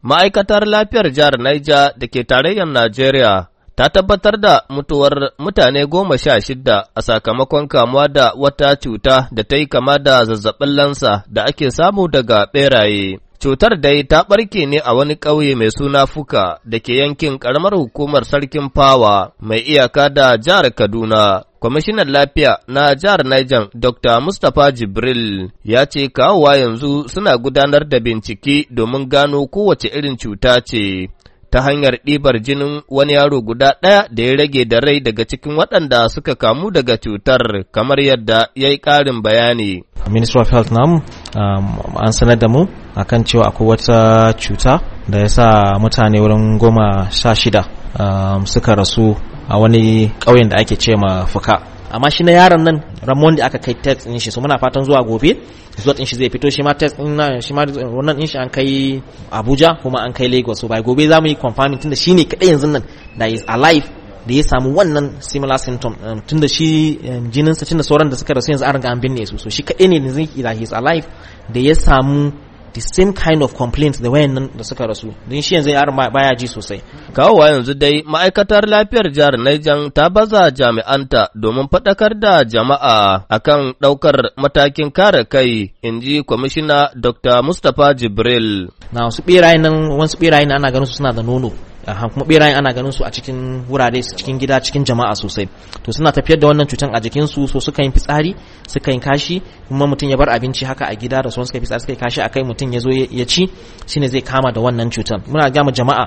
Ma'aikatar lafiyar jihar Naija da ke tarayyar Najeriya ta tabbatar da mutuwar mutane goma sha shida a sakamakon kamuwa da wata cuta da ta yi kama da zazzabin lansa da ake samu daga ɓeraye. Cutar dai ta ɓarke ne a wani ƙauye mai suna Fuka da ke yankin ƙaramar hukumar Sarkin Fawa mai iyaka da jihar Kaduna. Kwamishinan Lafiya na jihar Niger Dr. Mustapha Jibril ya ce kawowa yanzu suna gudanar da bincike domin gano kowace irin cuta ce ta hanyar ɗibar jinin wani yaro guda ɗaya da ya rage da rai daga cikin waɗanda suka kamu daga cutar kamar yadda ya yi ƙarin bayani. ministry of health namu um, an sanar da mu akan cewa akwai wata cuta da ya sa mutane wurin goma sha shida um, suka rasu a wani ƙauyen da ake ce ma fuka amma shi na yaron nan ramon da aka kai test din shi so muna fatan zuwa gobe zuwa din shi zai fito shi ma test din shi ma wannan din shi an kai Abuja kuma an kai Lagos so bai gobe za mu yi confirming tunda shine kadai yanzu nan da is alive da ya samu wannan similar symptom um, tun da shi um, jininsa tun da sauran da suka rasu yanzu an riga an binne su so shi kaɗai ne da zai da his alive da ya samu the same kind of complaints da wayannan da suka rasu don shi yanzu yar baya ji sosai kawowa yanzu dai ma'aikatar lafiyar jihar Niger ta baza jami'anta domin faɗakar da jama'a akan ɗaukar matakin kare kai in ji kwamishina Dr. Mustapha Jibril na wasu ɓerayen nan wasu ɓerayen ana ganin su suna da nono kuma berayen ana ganin su a cikin wurare cikin gida cikin jama'a sosai to suna tafiyar da wannan cutan a jikin su so suka yin fitsari suka yin kashi kuma mutum ya bar abinci haka a gida da sauran suka fitsari suka yi kashi akai mutum ya zo ya ci shine zai kama da wannan cutan muna ga mu jama'a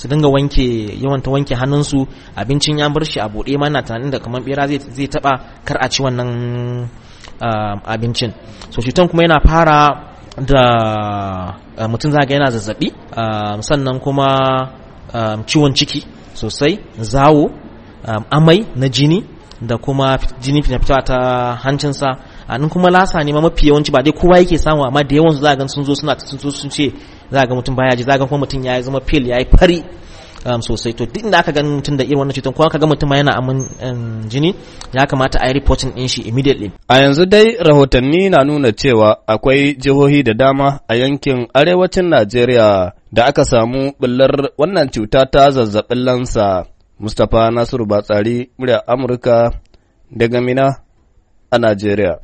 su dinga wanke yawan ta wanke hannun su abincin ya bar shi a bude ma na tunanin da kamar bera zai taba kar a ci wannan um, abincin so cutan kuma yana fara da uh, mutum zaga yana zazzabi um, sannan kuma Um, ciwon ciki sosai zawo um, amai na jini da kuma jini na fitowa ta hancinsa a nan kuma lasa ne ma mafi yawanci ba dai kowa yake samu amma da yawan za ga sun zo suna sun zo sun ce za ga mutum baya ji za ga kuma mutum ya zama fil ya yi fari um, sosai to duk inda aka gan mutum da irin wannan cutar kuma aka ga mutum yana amin jini ya kamata a yi reporting din shi immediately a yanzu dai rahotanni na nuna cewa akwai jihohi da dama a yankin arewacin Najeriya da aka samu ɓullar wannan cuta ta zazzabin lansa Mustapha Nasiru Batsari murya Amurka daga Mina a Najeriya.